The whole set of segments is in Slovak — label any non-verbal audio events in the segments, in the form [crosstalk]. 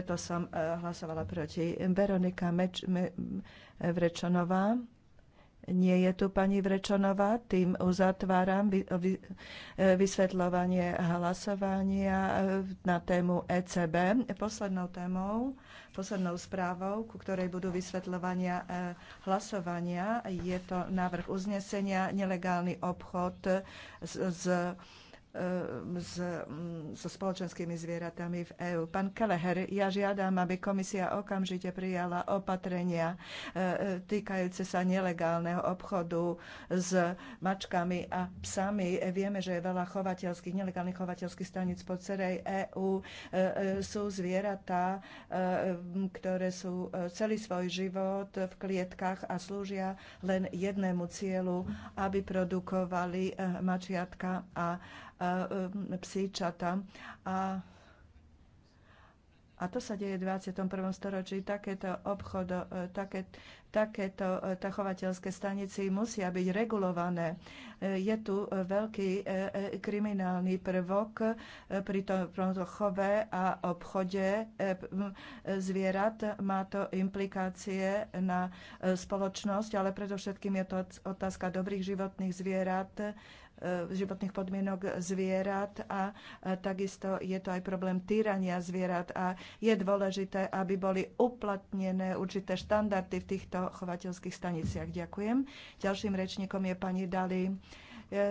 preto som e, hlasovala proti. Veronika Meč, Me, Vrečonová. Nie je tu pani Vrečonová. tým uzatváram e, vysvetľovanie hlasovania e, na tému ECB. Poslednou témou, poslednou správou, ku ktorej budú vysvetľovania hlasovania, je to návrh uznesenia nelegálny obchod s, s Eh, s, mm, so spoločenskými zvieratami v EÚ. Pán Keleher, ja žiadam, aby komisia okamžite prijala opatrenia eh, eh, týkajúce sa nelegálneho obchodu s mačkami a psami. Vieme, že je veľa chovateľských, nelegálnych chovateľských staníc po celej EÚ. Sú zvieratá, ktoré sú celý svoj život v klietkách a slúžia len jednému cieľu, aby produkovali mačiatka a E, psíčata. A a to sa deje v 21. storočí. Takéto obchod, e, také, takéto e, tachovateľské stanici musia byť regulované. Je tu veľký kriminálny prvok pri pri tom chove a obchode zvierat. Má to implikácie na spoločnosť, ale predovšetkým je to otázka dobrých životných zvierat, E, životných podmienok zvierat a e, takisto je to aj problém týrania zvierat a je dôležité, aby boli uplatnené určité štandardy v týchto chovateľských staniciach. Ďakujem. Ďalším rečníkom je pani Dali e,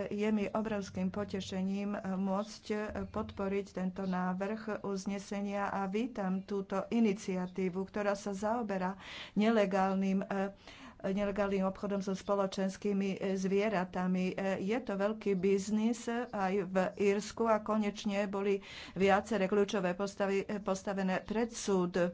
je mi obrovským potešením môcť podporiť tento návrh uznesenia a vítam túto iniciatívu, ktorá sa zaoberá nelegálnym nelegálnym obchodom so spoločenskými e, zvieratami. E, je to veľký biznis aj v Írsku a konečne boli viaceré kľúčové postavy, e, postavené pred súd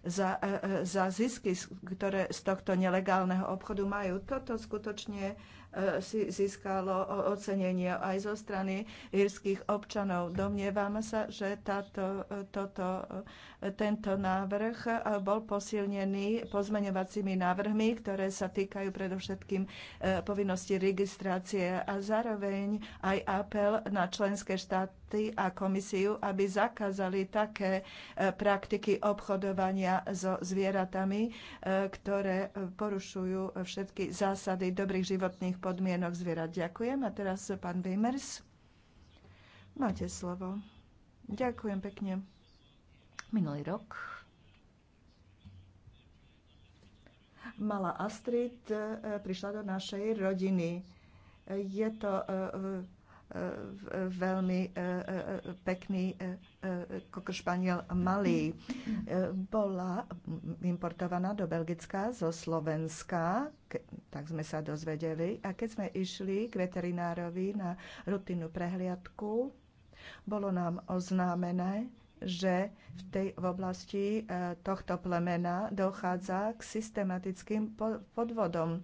za, za zisky, ktoré z tohto nelegálneho obchodu majú. Toto skutočne E, si získalo ocenenie aj zo strany írskych občanov. Domnievam sa, že táto, e, toto, e, tento návrh bol posilnený pozmeňovacími návrhmi, ktoré sa týkajú predovšetkým povinnosti registrácie a zároveň aj apel na členské štáty, štáty a komisiu, aby zakázali také e, praktiky obchodovania so zvieratami, e, ktoré e, porušujú všetky zásady dobrých životných podmienok zvierat. Ďakujem. A teraz pán Weimers. Máte slovo. Ďakujem pekne. Minulý rok mala Astrid, prišla do našej rodiny. Je to veľmi e, e, pekný e, kokr španiel malý. Bola importovaná do Belgická zo Slovenska, tak sme sa dozvedeli. A keď sme išli k veterinárovi na rutinnú prehliadku, bolo nám oznámené, že v, tej, v oblasti tohto plemena dochádza k systematickým podvodom.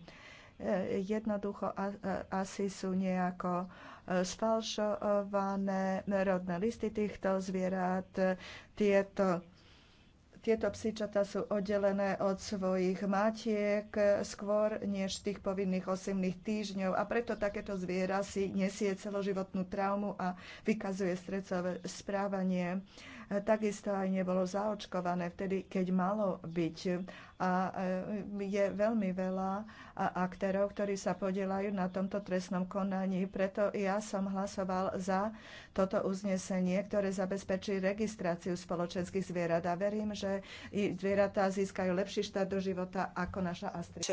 Jednoducho asi sú nejako uh, sfalšované rodné listy týchto zvierat. Tieto tieto psíčata sú oddelené od svojich matiek skôr než tých povinných 8 týždňov a preto takéto zviera si nesie celoživotnú traumu a vykazuje stresové správanie takisto aj nebolo zaočkované vtedy, keď malo byť. A e, je veľmi veľa aktérov, ktorí sa podielajú na tomto trestnom konaní. Preto ja som hlasoval za toto uznesenie, ktoré zabezpečí registráciu spoločenských zvierat. A verím, že zvieratá získajú lepší štát do života ako naša Astrid.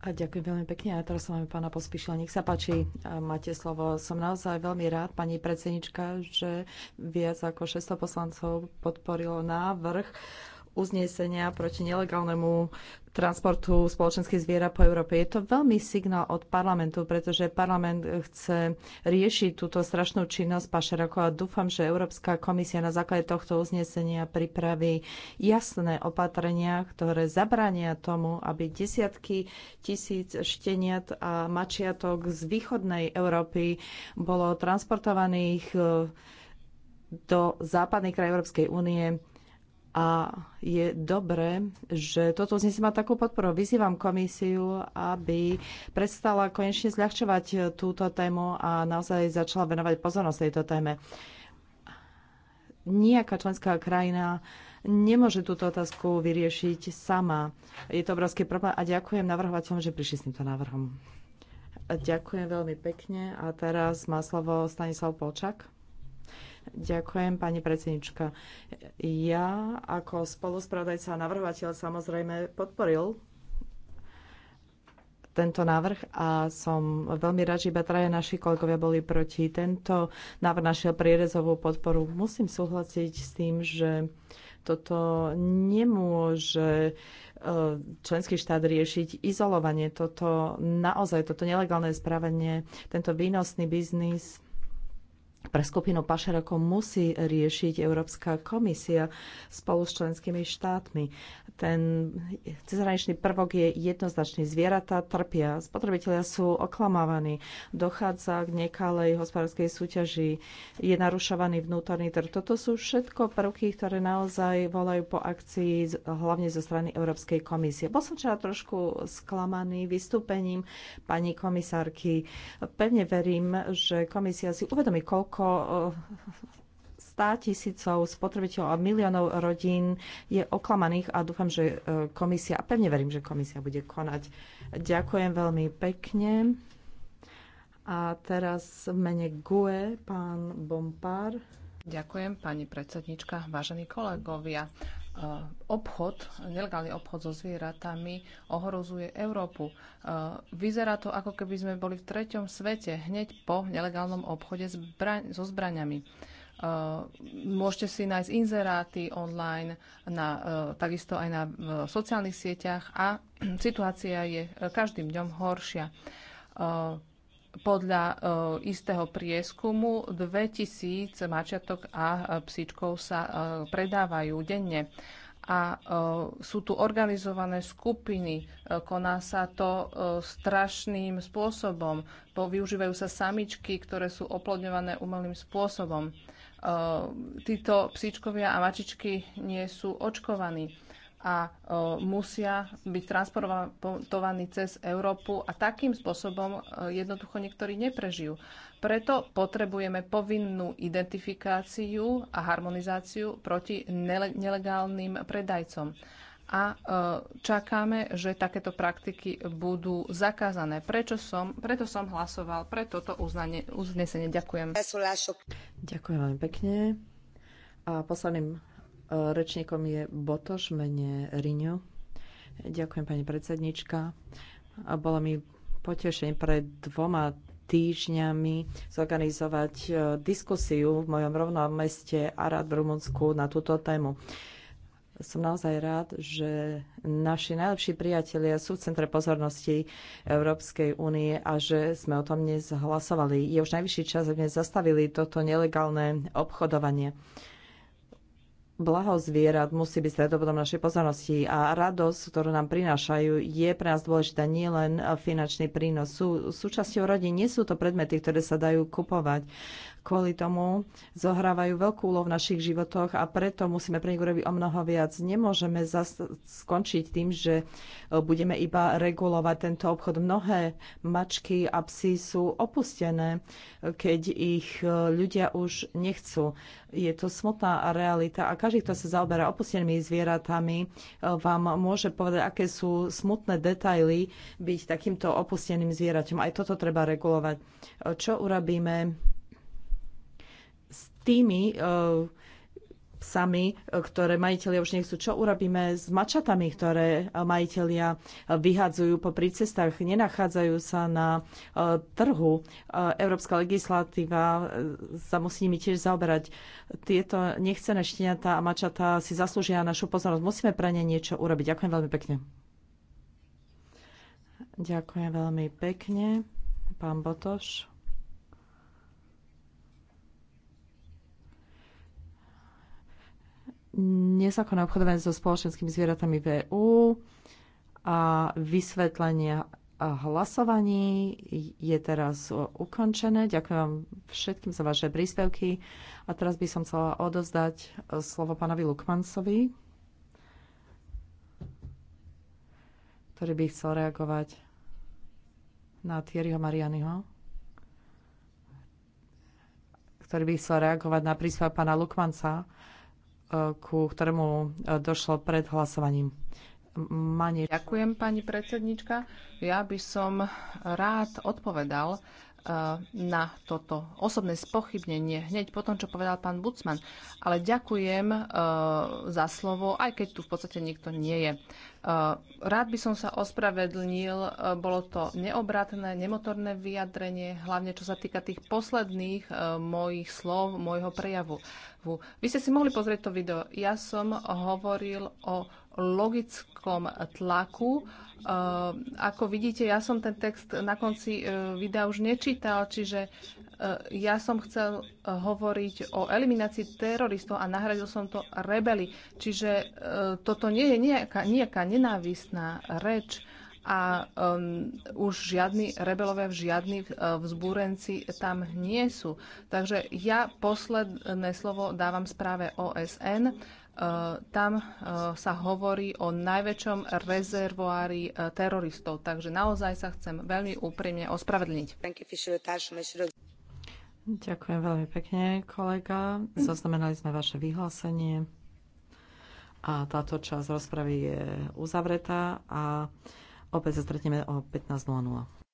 A ďakujem veľmi pekne. A teraz máme pána Pospíšila. Nech sa páči, máte slovo. Som naozaj veľmi rád, pani predsednička, že viac ako 600 poslancov podporilo návrh uznesenia proti nelegálnemu transportu spoločenských zvierat po Európe. Je to veľmi signál od parlamentu, pretože parlament chce riešiť túto strašnú činnosť pašerakov a dúfam, že Európska komisia na základe tohto uznesenia pripraví jasné opatrenia, ktoré zabrania tomu, aby desiatky tisíc šteniat a mačiatok z východnej Európy bolo transportovaných eh, do západnej kraj Európskej únie a je dobré, že toto uznesenie má takú podporu. Vyzývam komisiu, aby prestala konečne zľahčovať túto tému a naozaj začala venovať pozornosť tejto téme. Nijaká členská krajina nemôže túto otázku vyriešiť sama. Je to obrovský problém a ďakujem navrhovateľom, že prišli s týmto návrhom. Ďakujem veľmi pekne a teraz má slovo Stanislav Polčak. Ďakujem, pani predsednička. Ja ako spoluspravodajca a navrhovateľ samozrejme podporil tento návrh a som veľmi rád, že iba traje naši kolegovia boli proti. Tento návrh našiel prierezovú podporu. Musím súhlasiť s tým, že toto nemôže e, členský štát riešiť izolovanie. Toto naozaj, toto nelegálne správanie, tento výnosný biznis pre skupinu pašerokov musí riešiť Európska komisia spolu s členskými štátmi. Ten cezhraničný prvok je jednoznačný. Zvieratá trpia, spotrebitelia sú oklamávaní, dochádza k nekalej hospodárskej súťaži, je narušovaný vnútorný trh. Toto sú všetko prvky, ktoré naozaj volajú po akcii hlavne zo strany Európskej komisie. Bol som včera trošku sklamaný vystúpením pani komisárky. Pevne verím, že komisia si uvedomí, koľko niekoľko eh, stá tisícov spotrebiteľov a miliónov rodín je oklamaných a dúfam, že eh, komisia, a pevne verím, že komisia bude konať. Ďakujem veľmi pekne. A teraz v mene GUE, pán Bompár. Ďakujem, pani predsednička, vážení kolegovia. Eh, obchod, nelegálny obchod so zvieratami ohrozuje Európu. Eh, vyzerá to, ako keby sme boli v treťom svete hneď po nelegálnom obchode so zbraniami. Eh, môžete si nájsť inzeráty online, na, takisto aj na sociálnych sieťach a [clears throat] situácia je každým dňom horšia podľa uh, istého prieskumu 2000 mačiatok a e, psíčkov sa uh, predávajú denne. A uh, sú tu organizované skupiny, koná sa to strašným spôsobom, po, využívajú sa samičky, ktoré sú oplodňované umelým spôsobom. Títo psíčkovia a mačičky nie sú očkovaní a musia byť transportovaní cez Európu a takým spôsobom jednoducho niektorí neprežijú. Preto potrebujeme povinnú identifikáciu a harmonizáciu proti nelegálnym predajcom. A čakáme, že takéto praktiky budú zakázané. Prečo som, preto som hlasoval pre toto uznanie, uznesenie. Ďakujem. Ďakujem veľmi pekne. A posledným Rečníkom je Botoš, mene Riňo. Ďakujem, pani predsednička. Bolo mi potešenie pred dvoma týždňami zorganizovať e, diskusiu v mojom rovnom meste Arad v Rumunsku na túto tému. Som naozaj rád, že naši najlepší priatelia sú v centre pozornosti Európskej únie a že sme o tom dnes hlasovali. Je už najvyšší čas, aby sme zastavili toto nelegálne obchodovanie blaho zvierat musí byť stredobodom našej pozornosti a radosť, ktorú nám prinášajú, je pre nás dôležitá nielen finančný prínos. Sú súčasťou rodiny, nie sú to predmety, ktoré sa dajú kupovať kvôli tomu zohrávajú veľkú úlohu v našich životoch a preto musíme pre nich urobiť o mnoho viac. Nemôžeme skončiť tým, že e, budeme iba regulovať tento obchod. Mnohé mačky a psy sú opustené, e, keď ich e, ľudia už nechcú. Je to smutná realita a každý, kto sa zaoberá opustenými zvieratami, vám môže povedať, aké sú smutné detaily byť takýmto opusteným zvieraťom. Aj toto treba regulovať. Čo urobíme tými e, sami, ktoré majiteľia už nechcú. Čo urobíme s mačatami, ktoré e, majiteľia vyhadzujú po cestách, nenachádzajú sa na e, trhu? Európska legislatíva sa musí nimi tiež zaoberať. Tieto nechcené šteniatá a mačatá si zaslúžia našu pozornosť. Musíme pre ne niečo urobiť. Ďakujem veľmi pekne. Ďakujem veľmi pekne, pán Botoš. nezákonné obchodovanie so spoločenskými zvieratami v EU a vysvetlenie a hlasovaní je teraz ukončené. Ďakujem vám všetkým za vaše príspevky. A teraz by som chcela odozdať slovo pánovi Lukmancovi, ktorý by chcel reagovať na Thierryho Marianyho ktorý by chcel reagovať na príspevok pána Lukmanca ku ktorému e, došlo pred hlasovaním. Ďakujem, pani predsednička. Ja by som rád odpovedal Eh, na toto osobné spochybnenie hneď po tom, čo povedal pán Bucman. Ale ďakujem uh, za slovo, aj keď tu v podstate nikto nie je. Uh, rád by som sa ospravedlnil, uh, bolo to neobratné, nemotorné vyjadrenie, hlavne čo sa týka tých posledných mojich slov, môjho prejavu. Vy ste si mohli pozrieť to video. Ja som hovoril o logickom tlaku. Eh, ako vidíte, ja som ten text na konci eh, videa už nečítal, čiže eh, ja som chcel hovoriť o eliminácii teroristov a nahradil som to rebeli. Čiže toto nie je nejaká, nejaká nenávistná reč a um, už žiadni rebelové, žiadni vzbúrenci tam nie sú. Takže ja posledné slovo dávam správe OSN E, tam e, sa hovorí o najväčšom rezervoári e, teroristov. Takže naozaj sa chcem veľmi úprimne ospravedlniť. Ďakujem veľmi pekne, kolega. Zaznamenali sme vaše vyhlásenie. A táto časť rozpravy je uzavretá a opäť sa stretneme o 15.00.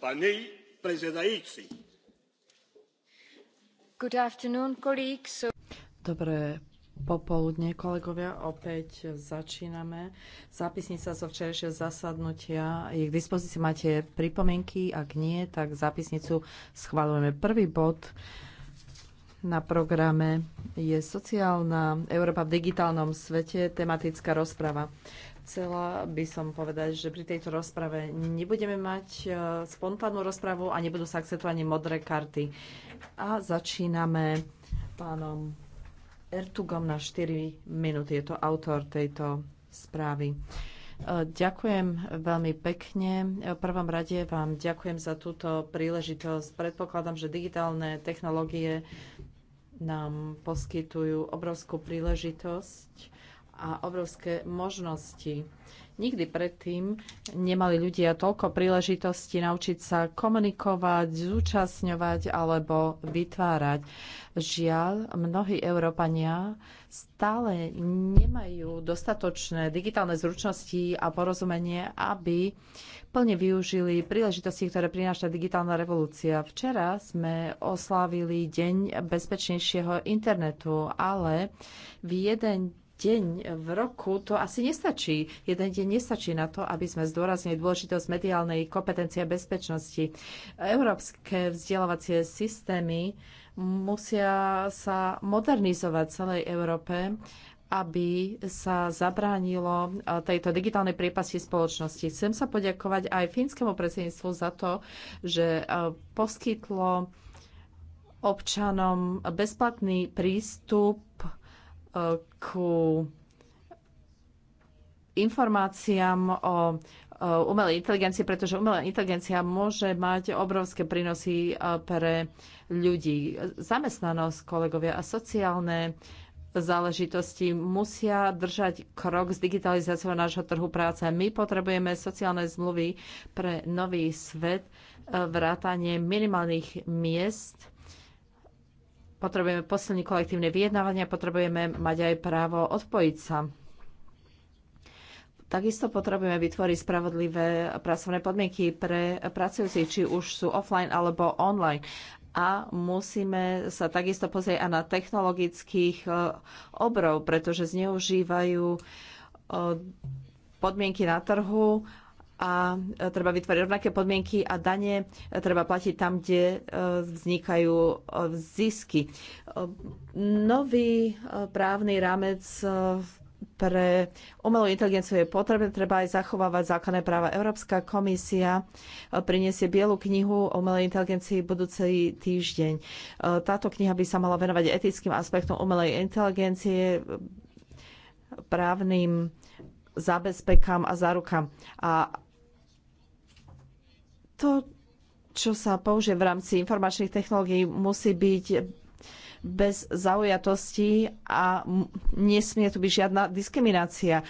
paní predsedající dobré popoludne kolegovia opäť začíname zápisnica zo včerajšieho zasadnutia je k dispozícii máte pripomienky ak nie tak zápisnicu schvaľujeme prvý bod na programe je sociálna Európa v digitálnom svete, tematická rozprava. Chcela by som povedať, že pri tejto rozprave nebudeme mať e, spontánnu rozpravu a nebudú sa akceptovať modré karty. A začíname pánom Ertugom na 4 minúty. Je to autor tejto správy. E, ďakujem veľmi pekne. E, v prvom rade vám ďakujem za túto príležitosť. Predpokladám, že digitálne technológie nám poskytujú obrovskú príležitosť a obrovské možnosti. Nikdy predtým nemali ľudia toľko príležitostí naučiť sa komunikovať, zúčastňovať alebo vytvárať. Žiaľ, mnohí Európania stále nemajú dostatočné digitálne zručnosti a porozumenie, aby plne využili príležitosti, ktoré prináša digitálna revolúcia. Včera sme oslávili Deň bezpečnejšieho internetu, ale v jeden deň v roku, to asi nestačí. Jeden deň nestačí na to, aby sme zdôraznili dôležitosť mediálnej kompetencie a bezpečnosti. Európske vzdelávacie systémy musia sa modernizovať v celej Európe aby sa zabránilo tejto digitálnej priepasti spoločnosti. Chcem sa poďakovať aj fínskemu predsedníctvu za to, že poskytlo občanom bezplatný prístup ku informáciám o umelej inteligencii, pretože umelá inteligencia môže mať obrovské prínosy e, pre ľudí. Zamestnanosť, kolegovia, a sociálne záležitosti musia držať krok s digitalizáciou nášho trhu práce. My potrebujeme sociálne zmluvy pre nový svet, e, vrátanie minimálnych miest potrebujeme posilniť kolektívne vyjednávania, potrebujeme mať aj právo odpojiť sa. Takisto potrebujeme vytvoriť spravodlivé pracovné podmienky pre pracujúcich, či už sú offline alebo online. A musíme sa takisto pozrieť aj na technologických e, obrov, pretože zneužívajú e, podmienky na trhu a e, treba vytvoriť rovnaké podmienky a dane e, treba platiť tam, kde e, vznikajú zisky. Nový právny rámec pre umelú inteligenciu je potrebné, treba aj zachovávať základné práva. Európska komisia priniesie bielu knihu o umelej inteligencii budúci týždeň. Táto kniha by sa mala venovať etickým aspektom umelej inteligencie, právnym zabezpekám a zárukám. A to, čo sa použije v rámci informačných technológií, musí byť bez zaujatosti a nesmie tu byť žiadna diskriminácia.